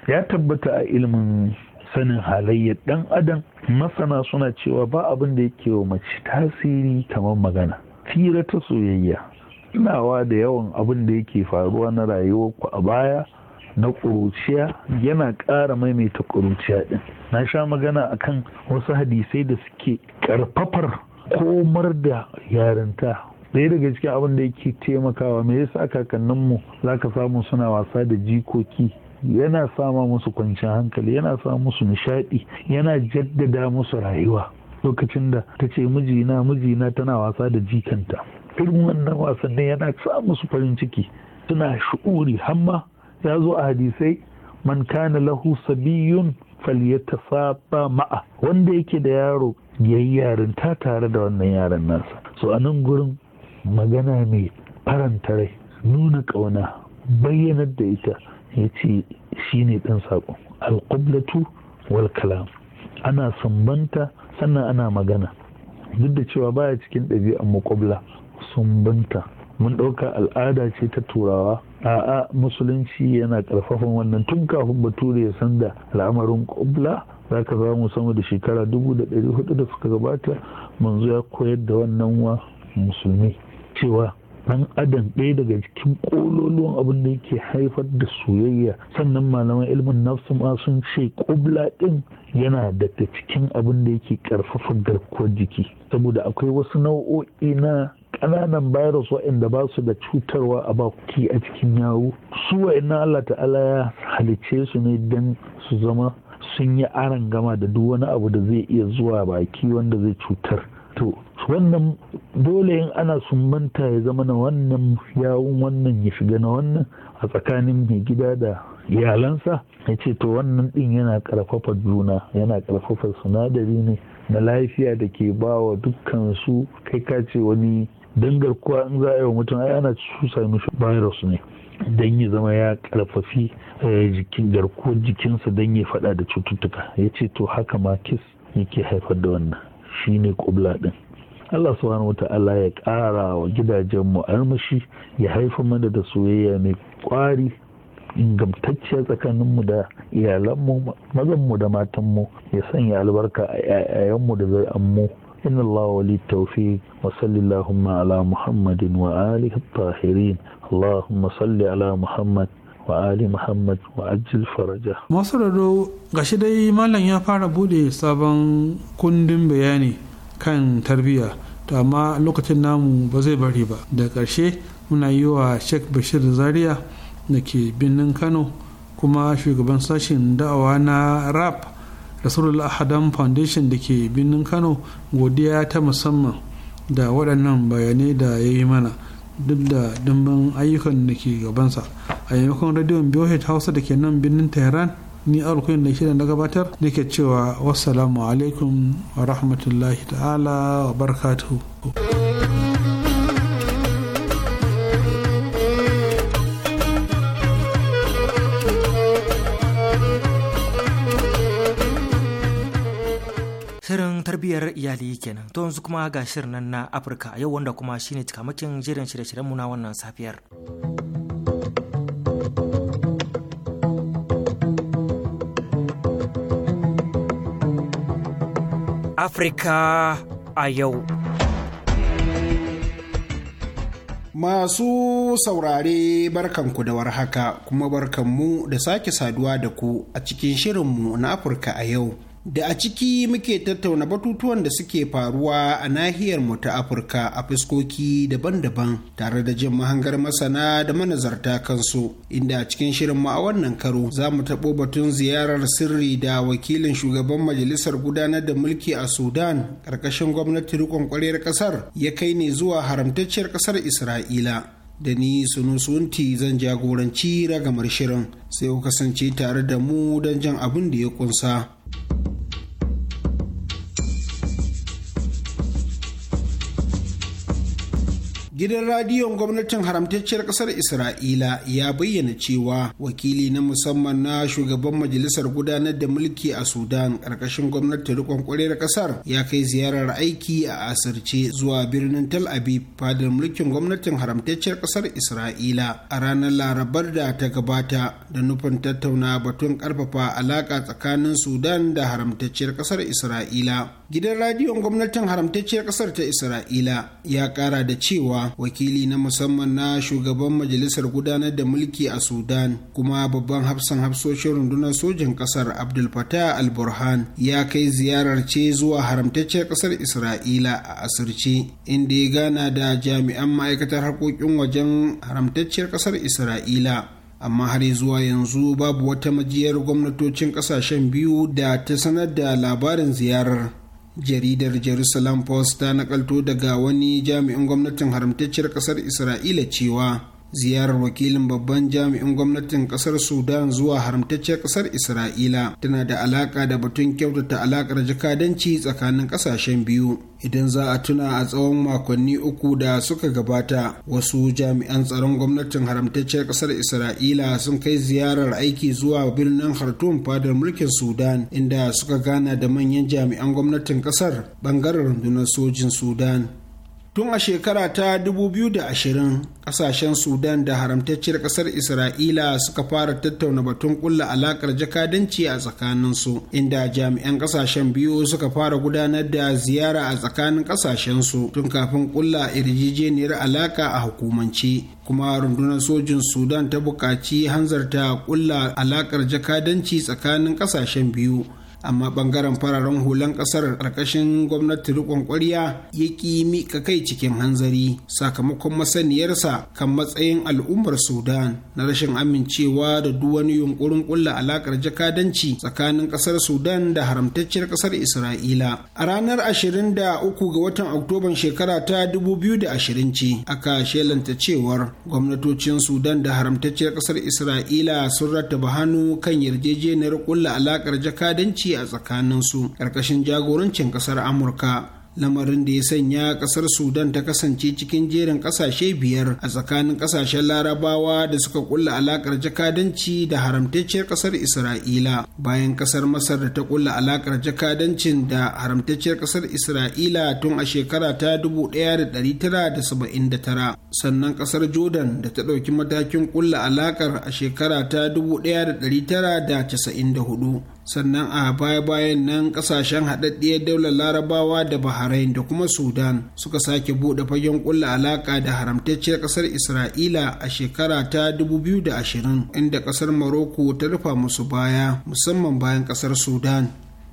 ya tabbata a ilimin sanin halayyar dan adam masana suna cewa ba abin da yake wa mace tasiri kamar magana tira ta soyayya tunawa da yawan abin da yake faruwa na ku a baya na ƙuruciya yana ƙara maimaita ƙuruciya ɗin na sha magana a kan wasu hadisai da suke ƙarfafar komar da yarinta ɗaya daga cikin abin da yake taimakawa me yasa kakanninmu za ka samu suna wasa da jikoki yana sama musu kwanciyar hankali yana sa musu nishaɗi yana jaddada musu rayuwa lokacin da ta ce mijina mijina tana wasa da jikanta irin wannan wasannin yana sa musu farin ciki suna shu'uri hamma ya zo a hadisai man kana lahu sabiyun falyatasafa ma'a wanda yake da yaro yayi yarinta tare da wannan yaran nasa so a nan gurin magana mai faranta rai nuna ƙauna bayyanar da ita ya ce shi ne ɗan saƙon alƙublatu wal kalam ana sumbanta sannan ana magana duk da cewa baya cikin ɗabi'an muƙubla sumbanta mun ɗauka al'ada ce ta turawa a'a musulunci yana karfafan wannan tun kafin bature ya san da al'amarin kubla za ka samu sama da shekara dubu da ɗari hudu da suka gabata manzo ya koyar da wannan wa musulmi cewa ɗan adam ɗaya daga cikin ƙololuwan abin da yake haifar da soyayya sannan malaman ilimin nafsu ma sun ce ƙubla ɗin yana daga cikin abin da yake ƙarfafa garkuwar jiki saboda akwai wasu nau'o'i na ƙananan virus waɗanda ba su da cutarwa a bakuki a cikin yawu. su waɗannan Allah ta'ala ya halicce su ne don su zama sun yi aran gama da duk wani abu da zai iya zuwa baki wanda zai cutar to wannan dole in ana sumbanta ya zama na wannan yawun wannan ya shiga na wannan a tsakanin mai gida da iyalansa ya ce to wannan din yana karfafa juna yana karfafa sinadari ne na lafiya da ke bawa wa dukkan su kai ka wani don garkuwa in za a yi wa mutum ai ana cusa mishi virus ne don ya zama ya karfafi eh, jikin garkuwar jikinsa don ya faɗa da cututtuka ya ce to haka ma kis yake haifar da wannan shine kubla din Allah subhanahu wa ya ƙara wa gidajenmu armashi ya haifar mana da soyayya mai kwari ingantacciya tsakaninmu da iyalanmu mazanmu da matanmu ya sanya albarka a 'ya'yanmu da zai amu. إن الله ولي التوفيق وصل اللهم على محمد وآله الطاهرين اللهم صل على محمد وآل محمد وعجل فرجه masararo gashi dai malam ya fara bude sabon kundin bayani kan tarbiyya to amma lokacin namu ba zai bari ba da ƙarshe muna yi wa sheikh bashir zaria da ke birnin kano kuma shugaban sashen da'awa na rap rasulul hadam foundation da ke birnin kano godiya ta musamman da waɗannan bayanai da ya yi mana duk da dimbin ayyukan da ke gabansa a yankin rediyon biyohit hausa da ke nan birnin tehran ni alkuyin da shirin da gabatar nake cewa wassalamu alaikum wa rahmatullahi ta'ala wa barakatuhu Tarbiyyar iyali kenan to yanzu kuma ga shirin nan na Afirka a yau wanda kuma shine cikamakin jirin shirye-shiryen mu na wannan safiyar. Afirka a yau. Masu saurare barkanku da warhaka kuma barkanmu da sake saduwa da ku a cikin shirin mu na Afirka a yau. da a ciki muke tattauna batutuwan da suke faruwa a nahiyar ta afirka a fuskoki daban-daban tare da jin mahangar masana da manazarta kansu inda a cikin shirin mu a wannan karo za mu taɓo batun ziyarar sirri da wakilin shugaban majalisar gudanar da mulki a sudan ƙarƙashin gwamnati rikon ƙwarriyar ƙasar ya kai ne zuwa haramtacciyar ƙasar isra'ila da ni sunusunti zan jagoranci ragamar shirin sai ku kasance tare da mu don jan abin da ya kunsa. gidan radiyon gwamnatin haramtacciyar kasar isra'ila ya bayyana cewa wakili na musamman na shugaban majalisar gudanar da mulki a sudan ƙarƙashin gwamnati rikon kwarar kasar ya kai ziyarar aiki a asirce zuwa birnin tel aviv fadar mulkin gwamnatin haramtacciyar kasar isra'ila a ranar larabar da ta gabata da nufin tattauna batun ƙarfafa alaƙa tsakanin sudan da haramtacciyar kasar isra'ila gidan radiyon gwamnatin haramtacciyar kasar ta isra'ila ya ƙara da cewa wakili na musamman na shugaban majalisar gudanar da mulki a Sudan kuma babban hafsan hafsoshin rundunar sojan kasar Abdul fatah al-Burhan ya kai ziyarar ce zuwa haramtacciyar kasar Isra'ila a asirce inda ya gana da jami'an ma'aikatar harkokin wajen haramtacciyar kasar Isra'ila amma har zuwa yanzu babu wata majiyar gwamnatocin kasashen biyu da ta sanar da labarin ziyarar jaridar jerusalem post ta nakalto daga wani jami'in gwamnatin haramtacciyar kasar isra'ila cewa ziyarar wakilin babban jami'in gwamnatin kasar sudan zuwa haramtacciyar kasar isra'ila tana da alaka da batun kyautata alakar jakadanci tsakanin kasashen biyu idan za a tuna a tsawon makonni uku da suka gabata wasu jami'an tsaron gwamnatin haramtacciyar kasar isra'ila sun kai ziyarar aiki zuwa birnin khartoum fadar mulkin sudan inda suka gana da manyan jami'an gwamnatin kasar bangaren rundunar sojin sudan tun a shekara ta 2020 kasashen sudan da haramtacciyar kasar isra'ila suka fara tattauna batun kulla alakar jakadanci a tsakaninsu inda jami'an kasashen biyu suka fara gudanar da ziyara a tsakanin kasashensu tun kafin kulla yarjejeniyar alaka a hukumance kuma rundunar sojin sudan ta buƙaci hanzarta kulla alakar jakadanci tsakanin kasashen biyu amma bangaren fararen hulan kasar ƙarƙashin gwamnati riƙon ƙwarya ya ƙi miƙa kai cikin hanzari sakamakon masaniyarsa kan matsayin al'ummar sudan na rashin amincewa da duwani wani yunkurin ƙulla alaƙar jakadanci tsakanin ƙasar sudan da haramtacciyar ƙasar isra'ila a ranar 23 ga watan oktoban shekara ta 2020 ce aka shelanta cewar gwamnatocin sudan da haramtacciyar ƙasar isra'ila sun rattaba hannu kan yarjejeniyar ƙulla alaƙar jakadanci a tsakanin su ƙarƙashin jagorancin ƙasar amurka lamarin da ya sanya ƙasar sudan ta kasance cikin jerin ƙasashe biyar a tsakanin ƙasashen larabawa da suka kulla alakar jakadanci da haramtacciyar ƙasar isra'ila bayan ƙasar masar da ta kulla alakar jakadancin da haramtacciyar ƙasar isra'ila tun a shekara ta 1979 sannan ƙasar jordan da ta ɗauki matakin kulla alakar a shekara ta 1994 sannan a baya-bayan nan kasashen haɗaɗɗiyar daular larabawa da bahrain da kuma sudan suka sake buɗe fagen ƙulla alaƙa da haramtacciyar ƙasar isra'ila a shekara ta 2020 inda ƙasar maroko ta rufa musu baya musamman bayan ƙasar sudan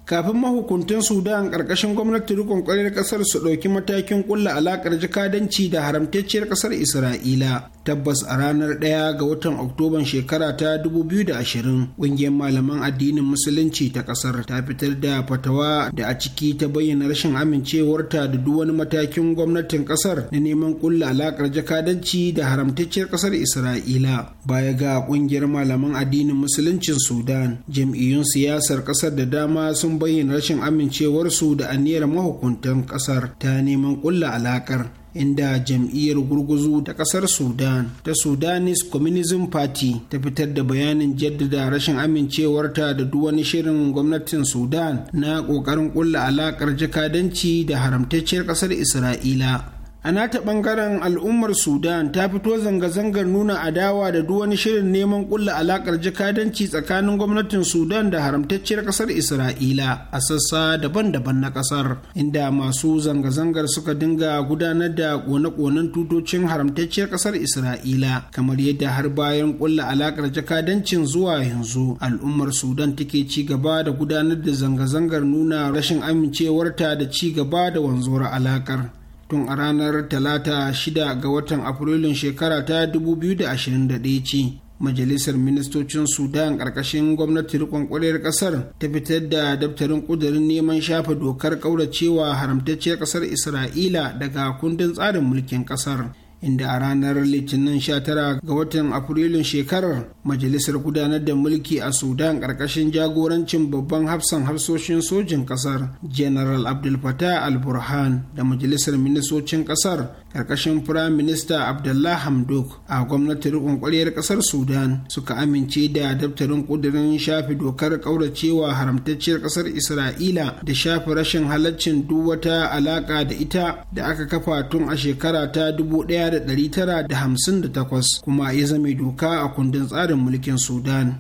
kafin mahukuntan sudan ƙarƙashin gwamnati rikon ƙwarar ƙasar su ɗauki matakin ƙulla alaƙar jakadanci da haramtacciyar ƙasar isra'ila tabbas a ranar ɗaya ga watan oktoban shekara ta 2020 ƙungiyar malaman addinin musulunci ta ƙasar ta fitar da fatawa da a ciki ta bayyana rashin amincewarta da duk wani matakin gwamnatin ƙasar na neman ƙulla alaƙar jakadanci da haramtacciyar ƙasar isra'ila baya ga ƙungiyar malaman addinin musuluncin sudan jam'iyyun siyasar ƙasar da dama sun bayyana rashin amincewarsu da aniyar mahukuntan kasar ta neman kulla alakar inda jam'iyyar gurguzu ta kasar sudan ta sudanese communism party ta fitar da bayanin jaddada rashin amincewarta da duk wani shirin gwamnatin sudan na ƙoƙarin kulla alakar jakadanci da haramtacciyar kasar isra'ila a nata bangaren al'ummar sudan ta fito zanga-zangar nuna adawa da duk wani shirin neman kulla alakar jakadanci tsakanin gwamnatin sudan da haramtacciyar kasar isra'ila a sassa daban-daban na kasar inda masu zanga-zangar suka dinga gudanar da kone-konen tutocin haramtacciyar kasar isra'ila kamar yadda har bayan kulla alakar jakadancin zuwa yanzu al'ummar sudan take ci gaba da gudanar da zanga-zangar nuna rashin amincewarta da ci gaba da wanzuwar alakar tun a ranar talata 6 ga watan afrilun shekara ta 2021 ce majalisar ministocin sudan ƙarƙashin gwamnati rikon kwarar ƙasar ta fitar da daftarin ƙudurin neman shafa dokar ƙauracewa haramtacciyar ƙasar isra'ila daga kundin tsarin mulkin ƙasar inda a ranar litinin 19 ga watan afrilun shekarar majalisar gudanar da mulki a sudan ƙarƙashin jagorancin babban hafsan hafsoshin sojin ƙasar general abdul fatah al-burhan da majalisar ministocin ƙasar ƙarƙashin firayim minista abdullah hamdok a gwamnatin rikon ƙwaryar ƙasar sudan suka amince da daftarin ƙudurin shafi dokar ƙauracewa haramtacciyar ƙasar isra'ila da shafi rashin halaccin duk wata alaƙa da ita da aka kafa tun a shekara ta 1958 kuma ya zame doka a kundin tsarin mulkin sudan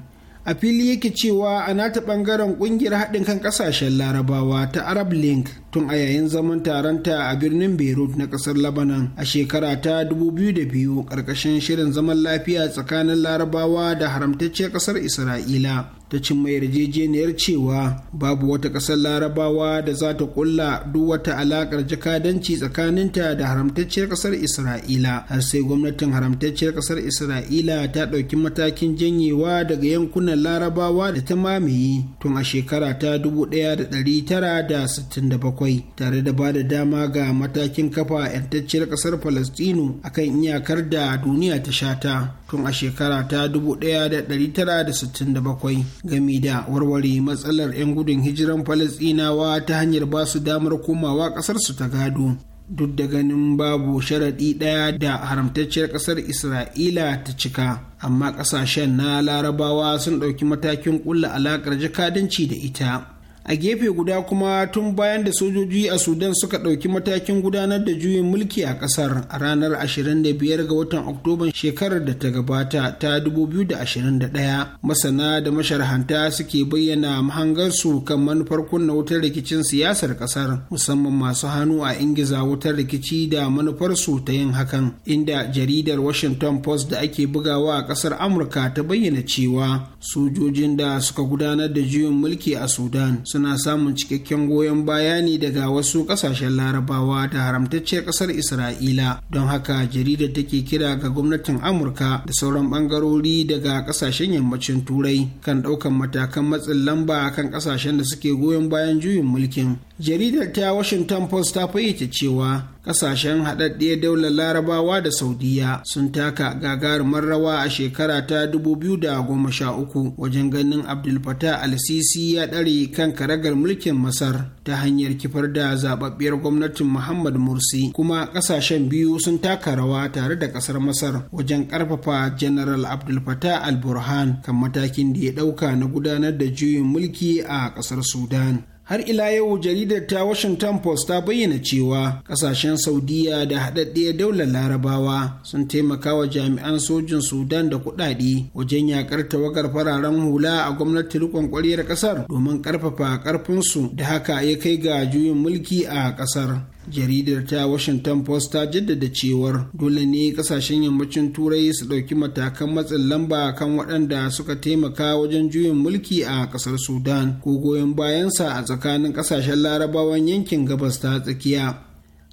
a fili yake cewa a nata ɓangaren ƙungiyar haɗin kan ƙasashen larabawa ta arab link tun a yayin zaman taronta a birnin beirut na kasar labanan a shekara ta 2002 ƙarƙashin shirin zaman lafiya tsakanin larabawa da haramtacciyar kasar isra'ila ta cimma yarjejeniyar cewa babu wata ƙasar larabawa da za ta kulla duk wata alaƙar jakadanci tsakaninta da haramtacciyar ƙasar isra'ila har sai gwamnatin haramtacciyar ƙasar isra'ila ta ɗauki matakin janyewa daga yankunan larabawa da ta mamaye tun a shekara ta 1967 bakwai tare da ba da dama ga matakin kafa 'yantacciyar ƙasar falastinu akan iyakar da duniya ta shata tun a shekara ta 1967 gami da warware matsalar 'yan gudun hijiran falastinawa ta hanyar ba su damar komawa ƙasarsu ta gado duk da ganin babu sharaɗi ɗaya da haramtacciyar ƙasar isra'ila ta cika amma ƙasashen na larabawa sun ɗauki matakin ƙulla alaƙar jakadanci da ita a gefe guda kuma tun bayan da sojoji a sudan suka ɗauki matakin gudanar da juyin mulki a ƙasar a ranar 25 ga watan oktoban shekarar da ta gabata ta 2021 masana da masharhanta suke bayyana mahangarsu kan manufar kunna wutar rikicin siyasar ƙasar musamman masu hannu a ingiza wutar rikici da manufarsu ta yin hakan inda jaridar washington post da ake bugawa a ƙasar amurka ta bayyana cewa sojojin da suka gudanar da juyin mulki a sudan suna samun cikakken goyon bayani daga wasu kasashen larabawa da haramtacciyar kasar isra'ila don haka jaridar take kira ga gwamnatin amurka da sauran bangarori daga kasashen yammacin turai kan ɗaukan matakan matsin lamba kan kasashen da suke goyon bayan juyin mulkin jaridar ta washington post ta fayyace cewa kasashen haɗaɗɗe daular larabawa da saudiya sun taka gagarumar rawa a shekara ta 2013 wajen ganin abdul al-sisi ya ɗare kan karagar mulkin masar ta hanyar kifar da zababbiyar gwamnatin muhammad mursi kuma kasashen biyu sun taka rawa tare da ƙasar masar wajen ƙarfafa general abdul al-burhan kan matakin da ya ɗauka na gudanar da juyin mulki a ƙasar sudan har ila yau jaridar ta washington post ta bayyana cewa kasashen saudiya da haɗaɗɗiyar daular larabawa sun taimaka wa jami'an sojin sudan da kuɗaɗe wajen yakar tawagar fararen hula a gwamnati rikon ƙwaryar ƙasar domin ƙarfafa ƙarfinsu da haka ya kai ga juyin mulki a ƙasar jaridar ta washington post ta jaddada cewar dole ne kasashen yammacin turai su ɗauki matakan matsin lamba kan waɗanda suka taimaka wajen juyin mulki a ƙasar sudan ko goyon bayansa a tsakanin ƙasashen larabawan yankin gabas ta tsakiya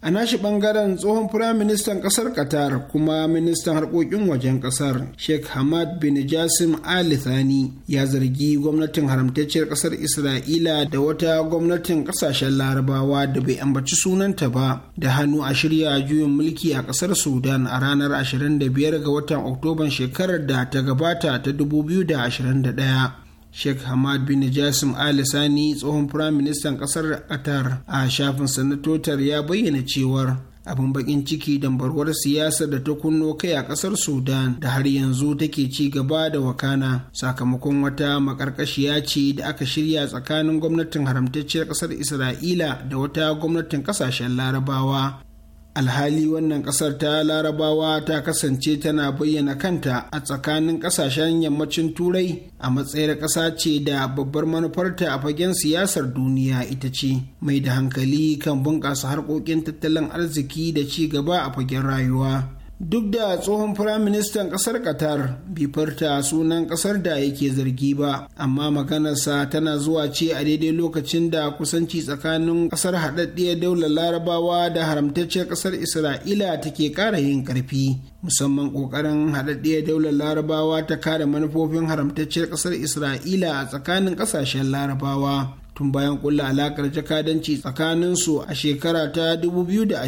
a nashi bangaren tsohon firaministan kasar qatar kuma ministan harkokin wajen kasar sheikh hamad bin jasim ali thani ya zargi gwamnatin haramtacciyar kasar isra'ila da wata gwamnatin kasashen larabawa da bai ambaci sunanta ba da hannu a shirya juyin mulki a kasar sudan a ranar 25 ga watan oktoban shekarar da ta gabata ta 2021 Sheikh Hamad bin Jasim Ali Sani tsohon firaministan ƙasar Qatar a shafin sanatotar ya bayyana cewar abin bakin ciki dambarwar siyasar da ta kunno kai a ƙasar sudan da har yanzu take ci gaba da wakana sakamakon wata makarkashiya ce da aka shirya tsakanin gwamnatin haramtacciyar ƙasar isra'ila da wata gwamnatin ƙasashen larabawa alhali wannan kasar ta larabawa ta kasance tana bayyana kanta a tsakanin kasashen yammacin turai a matsayar ƙasa ce da babbar manufarta a fagen siyasar duniya ita ce mai da hankali kan bunƙasa harkokin tattalin arziki da ci gaba a fagen rayuwa duk da tsohon firaministan ƙasar qatar bai sunan ƙasar da yake zargi ba amma maganarsa tana zuwa ce a daidai lokacin da kusanci tsakanin ƙasar haɗaɗɗiyar daular larabawa da haramtacciyar ƙasar isra'ila take ƙara yin ƙarfi musamman ƙoƙarin haɗaɗɗiyar daular larabawa ta kare manufofin haramtacciyar ƙasar isra'ila a tsakanin ƙasashen larabawa tun bayan kulla alakar jakadanci su a shekara ta 2020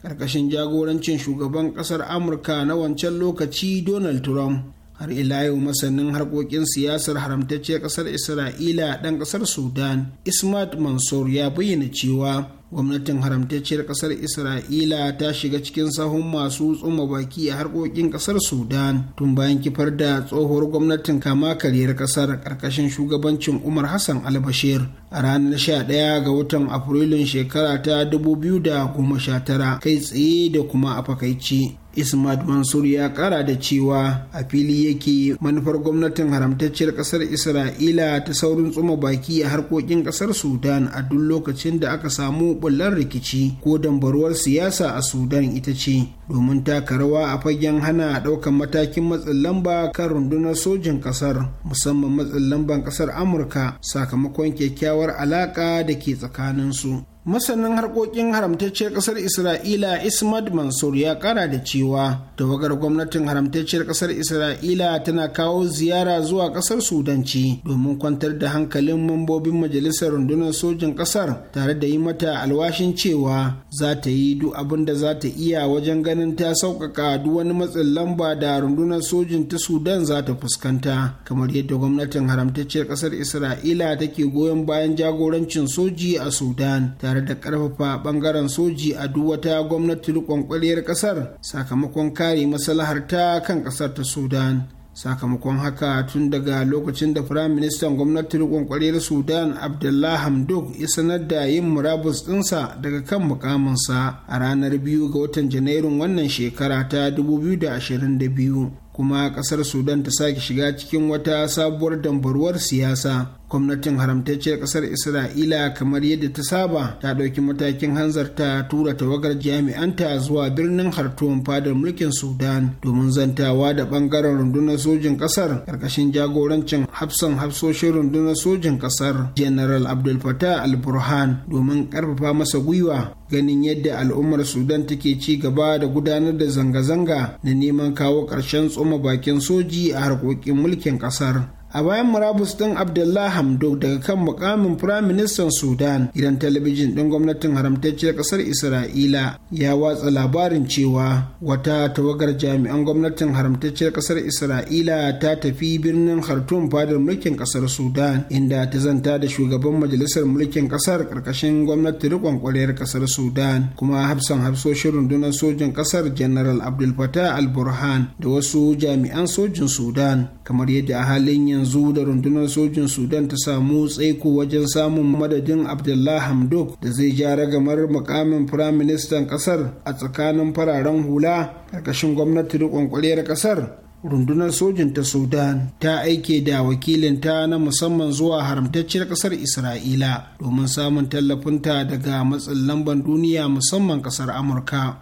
karkashin jagorancin shugaban kasar amurka na wancan lokaci donald trump har ila yau masanin harkokin siyasar haramtacciyar kasar isra'ila ɗan kasar sudan ismat mansur ya bayyana cewa gwamnatin haramtacciyar kasar isra'ila ta shiga cikin sahun masu tsuma baki a harkokin kasar sudan tun bayan kifar da tsohuwar gwamnatin kama kariyar kasar karkashin shugabancin umar hassan albashir a ranar 11 ga watan afrilun shekara ta 2019 kai tsaye da kuma a fakaici ismat mansur ya kara da cewa a fili yake manufar gwamnatin haramtacciyar kasar isra'ila ta saurin tsuma baki a harkokin kasar sudan a duk lokacin da aka samu bullar rikici ko dambaruwar siyasa a sudan ita ce domin taka rawa a fagen hana ɗaukan matakin matsin lamba kan rundunar sojin kasar musamman matsin lamban kasar amurka sakamakon kyakkyawar alaka da ke tsakaninsu masanin harkokin haramtacciyar kasar isra'ila ismad mansur ya kara da cewa tawagar gwamnatin haramtacciyar kasar isra'ila tana kawo ziyara zuwa kasar sudanci domin kwantar da hankalin mambobin majalisar rundunar sojin kasar tare da yi mata alwashin cewa za ta yi duk abin da za ta iya wajen ganin ta sauƙaƙa duk wani matsin lamba da rundunar sojin ta sudan za ta fuskanta kamar yadda gwamnatin haramtacciyar kasar isra'ila take goyon bayan jagorancin soji a sudan tare da ƙarfafa ɓangaren soji a duk wata gwamnati riƙon ƙasar ƙasar sakamakon kare maslaharta kan ƙasar ta sudan sakamakon haka tun daga lokacin da firaministan gwamnatin kwankwarar sudan abdullah hamdok ya sanar da yin murabus dinsa daga kan mukaminsa a ranar biyu ga watan janairun wannan shekara ta 2022 kuma ƙasar sudan ta sake shiga cikin wata sabuwar dambarwar siyasa gwamnatin haramtacciyar kasar isra'ila kamar yadda ta saba ta ɗauki matakin hanzarta tura tawagar jami'anta zuwa birnin hartum fadar mulkin sudan domin zantawa da ɓangaren rundunar sojin ƙasar ƙarƙashin jagorancin hafsan hafsoshin rundunar sojin ƙasar general abdul fatah al-burhan domin ƙarfafa masa gwiwa ganin yadda al'ummar sudan take ci gaba da gudanar da zanga-zanga na neman kawo ƙarshen tsoma bakin soji a harkokin mulkin ƙasar a bayan murabus ɗin abdullah hamdok daga kan mukamin firaministan sudan gidan talabijin ɗin gwamnatin haramtacciyar ƙasar isra'ila ya watsa labarin cewa wata tawagar jami'an gwamnatin haramtacciyar ƙasar isra'ila ta tafi birnin khartoum fadar mulkin ƙasar sudan inda ta zanta da shugaban majalisar mulkin ƙasar ƙarƙashin gwamnati rikon ƙasar sudan kuma hafsan hafsoshin rundunar sojin ƙasar general abdul fatah al burhan da wasu jami'an sojin sudan kamar yadda a halin yanzu yanzu da rundunar sojin sudan ta samu tsaiko wajen samun madadin abdullah hamdok da zai ja ragamar mukamin firaministan kasar a tsakanin fararen hula ƙarƙashin gwamnati rikon ƙwaryar kasar rundunar sojin ta sudan ta aike da wakilinta na musamman zuwa haramtacciyar kasar isra'ila domin samun tallafinta daga matsin lamban duniya musamman kasar amurka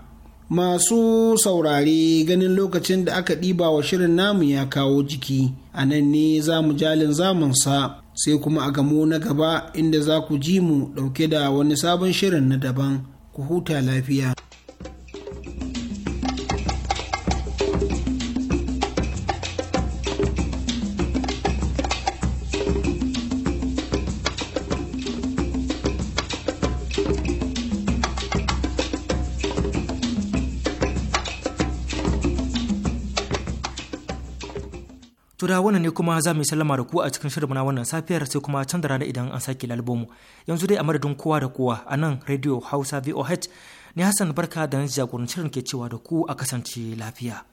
masu saurari ganin lokacin da aka ɗiba wa shirin namu ya kawo jiki a nan ne za mu jalin zamunsa sai kuma a gamo na gaba inda za ku ji mu dauke da wani sabon shirin na daban ku huta lafiya. da wannan ne kuma za mu sallama da ku a cikin shirin na wannan safiyar sai kuma can da rana idan an sake lalbomu yanzu dai a madadin kowa da kowa a nan radio hausa voh ne hassan barka da na jagorancin ke cewa da ku a kasance lafiya